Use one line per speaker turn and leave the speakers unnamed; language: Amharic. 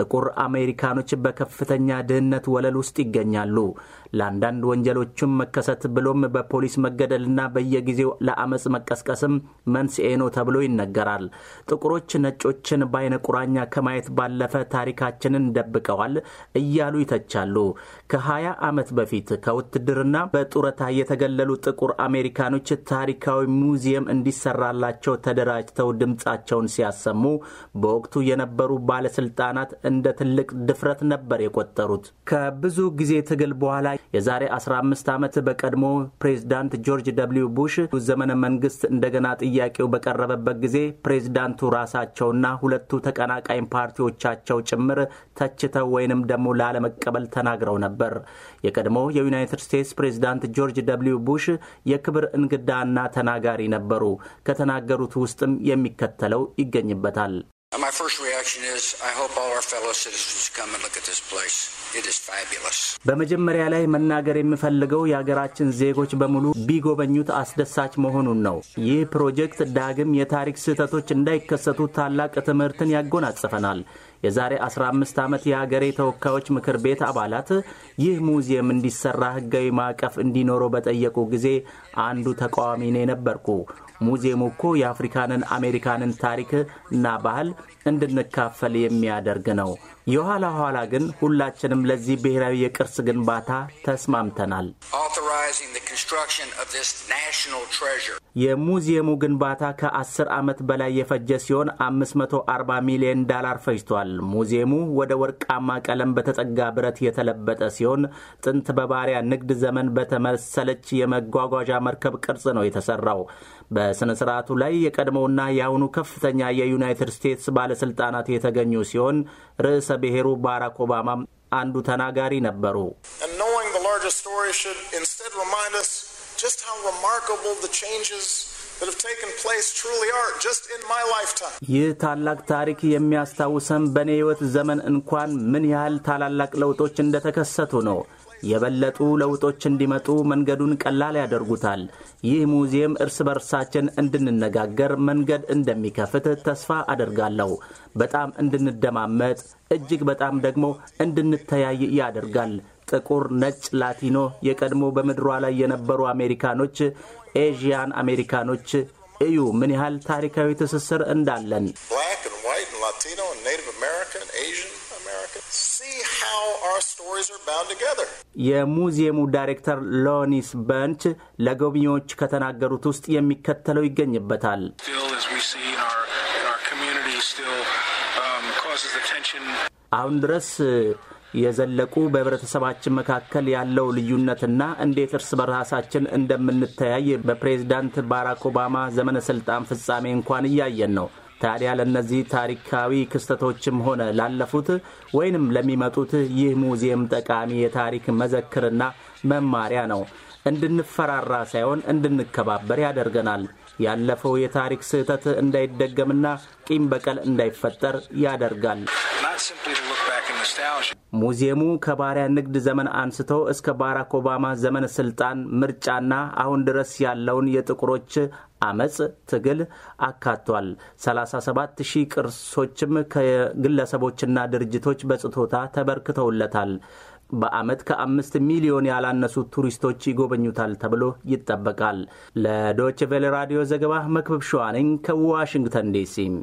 ጥቁር አሜሪካኖች በከፍተኛ ድህነት ወለል ውስጥ ይገኛሉ። ለአንዳንድ ወንጀሎችም መከሰት ብሎም በፖሊስ መገደልና በየጊዜው ለአመፅ መቀስቀስም መንስኤ ነው ተብሎ ይነገራል። ጥቁሮች ነጮችን በአይነ ቁራኛ ከማየት ባለፈ ታሪካችንን ደብቀዋል እያሉ ይተቻሉ። ከ ከ20 ዓመት በፊት ከውትድርና በጡረታ የተገለሉ ጥቁር አሜሪካኖች ታሪካዊ ሙዚየም እንዲሰራላቸው ተደራጅተው ድምፃቸውን ሲያሰሙ በወቅቱ የነበሩ ባለስልጣናት እንደ ትልቅ ድፍረት ነበር የቆጠሩት። ከብዙ ጊዜ ትግል በኋላ የዛሬ 15 ዓመት በቀድሞ ፕሬዚዳንት ጆርጅ ደብሊው ቡሽ ዘመነ መንግስት እንደገና ጥያቄው በቀረበበት ጊዜ ፕሬዚዳንቱ ራሳቸውና ሁለቱ ተቀናቃኝ ፓርቲዎቻቸው ጭምር ተችተው ወይንም ደግሞ ላለመቀበል ተናግረው ነበር። የቀድሞ የዩናይትድ ስቴትስ ፕሬዚዳንት ጆርጅ ደብሊው ቡሽ የክብር እንግዳና ተናጋሪ ነበሩ። ከተናገሩት ውስጥም የሚከተለው ይገኝበታል። uh, በመጀመሪያ ላይ መናገር የምፈልገው የሀገራችን ዜጎች በሙሉ ቢጎበኙት አስደሳች መሆኑን ነው። ይህ ፕሮጀክት ዳግም የታሪክ ስህተቶች እንዳይከሰቱ ታላቅ ትምህርትን ያጎናጽፈናል። የዛሬ 15 ዓመት የሀገሬ ተወካዮች ምክር ቤት አባላት ይህ ሙዚየም እንዲሰራ ህጋዊ ማዕቀፍ እንዲኖረው በጠየቁ ጊዜ አንዱ ተቃዋሚ ነው የነበርኩ። ሙዚየሙ እኮ የአፍሪካንን አሜሪካንን ታሪክ እና ባህል እንድነ እንድንካፈል የሚያደርግ ነው። የኋላ ኋላ ግን ሁላችንም ለዚህ ብሔራዊ የቅርስ ግንባታ ተስማምተናል። የሙዚየሙ ግንባታ ከ10 ዓመት በላይ የፈጀ ሲሆን 540 ሚሊዮን ዳላር ፈጅቷል። ሙዚየሙ ወደ ወርቃማ ቀለም በተጠጋ ብረት የተለበጠ ሲሆን ጥንት በባሪያ ንግድ ዘመን በተመሰለች የመጓጓዣ መርከብ ቅርጽ ነው የተሰራው። በሥነ ሥርዓቱ ላይ የቀድሞውና የአሁኑ ከፍተኛ የዩናይትድ ስቴትስ ባለሥልጣናት አባላት የተገኙ ሲሆን ርዕሰ ብሔሩ ባራክ ኦባማም አንዱ ተናጋሪ ነበሩ። ይህ ታላቅ ታሪክ የሚያስታውሰን በእኔ ሕይወት ዘመን እንኳን ምን ያህል ታላላቅ ለውጦች እንደተከሰቱ ነው። የበለጡ ለውጦች እንዲመጡ መንገዱን ቀላል ያደርጉታል። ይህ ሙዚየም እርስ በርሳችን እንድንነጋገር መንገድ እንደሚከፍት ተስፋ አደርጋለሁ። በጣም እንድንደማመጥ፣ እጅግ በጣም ደግሞ እንድንተያይ ያደርጋል። ጥቁር፣ ነጭ፣ ላቲኖ፣ የቀድሞ በምድሯ ላይ የነበሩ አሜሪካኖች፣ ኤዥያን አሜሪካኖች፣ እዩ ምን ያህል ታሪካዊ ትስስር እንዳለን Latino and Native American and Asian American. See how our stories are bound together. የሙዚየሙ ዳይሬክተር ሎኒስ በንች ለጎብኚዎች ከተናገሩት ውስጥ የሚከተለው ይገኝበታል። um, አሁን ድረስ የዘለቁ በህብረተሰባችን መካከል ያለው ልዩነትና እንዴት እርስ በራሳችን እንደምንተያይ በፕሬዚዳንት ባራክ ኦባማ ዘመነ ስልጣን ፍጻሜ እንኳን እያየን ነው። ታዲያ ለእነዚህ ታሪካዊ ክስተቶችም ሆነ ላለፉት ወይንም ለሚመጡት ይህ ሙዚየም ጠቃሚ የታሪክ መዘክርና መማሪያ ነው። እንድንፈራራ ሳይሆን እንድንከባበር ያደርገናል። ያለፈው የታሪክ ስህተት እንዳይደገምና ቂም በቀል እንዳይፈጠር ያደርጋል። ሙዚየሙ ከባሪያ ንግድ ዘመን አንስቶ እስከ ባራክ ኦባማ ዘመን ስልጣን፣ ምርጫና አሁን ድረስ ያለውን የጥቁሮች አመፅ፣ ትግል አካቷል። 37 ሺህ ቅርሶችም ከግለሰቦችና ድርጅቶች በጽቶታ ተበርክተውለታል። በአመት ከአምስት ሚሊዮን ያላነሱ ቱሪስቶች ይጎበኙታል ተብሎ ይጠበቃል። ለዶች ቬለ ራዲዮ ዘገባ መክብብ ሸዋነኝ ከዋሽንግተን ዲሲ